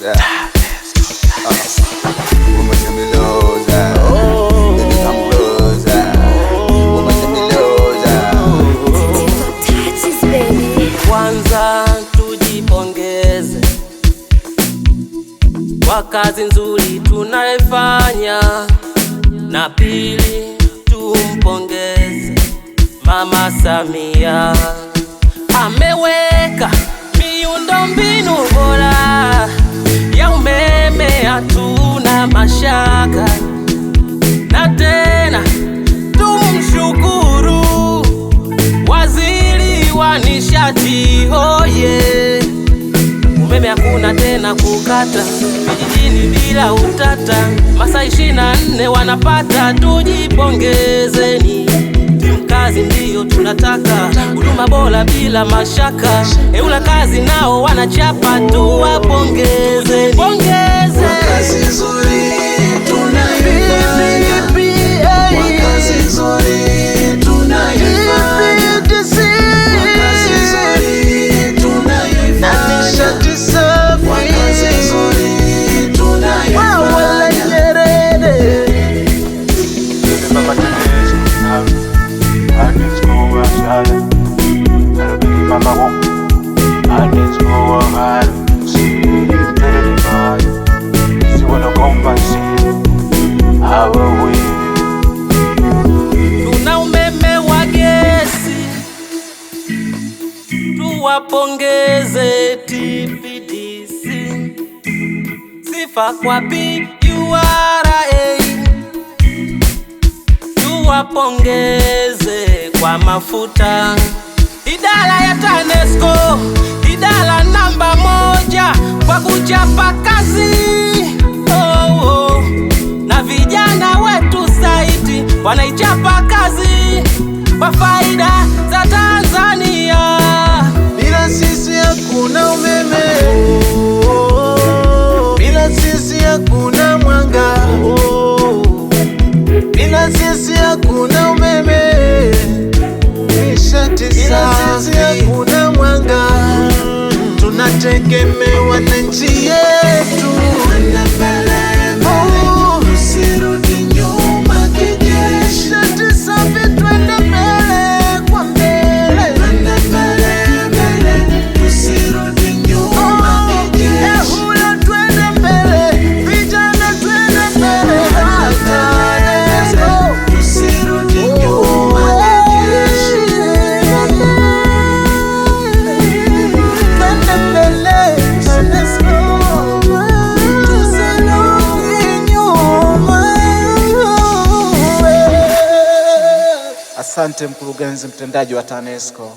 loser. Kwanza tujipongeze kwa kazi nzuri tunaifanya, na pili tumpongeze Mama Samia. mashaka, na tena tumshukuru waziri wa nishati hoye. Umeme hakuna tena kukata vijijini bila utata, masaa ishirini na nne wanapata, tujipongezeni kazi ndiyo tunataka, huduma bora bila mashaka. EWURA kazi nao wanachapa, tuwapongeze. Oh. Tuna umeme wa gesi, tuwapongeze TPDC, sifa kwa BURA, tuwapongeze wa mafuta. Idara ya TANESCO, idara namba moja kwa kuchapa kazi oh, oh. Na vijana wetu saiti wanaichapa kazi kwa faida za Tanzania. Bila sisi hakuna umeme Bila sisi hakuna mwanga Bila sisi hakuna umeme kuna mwanga, tunategemewa na nchi yetu. Asante mkurugenzi mtendaji wa TANESCO.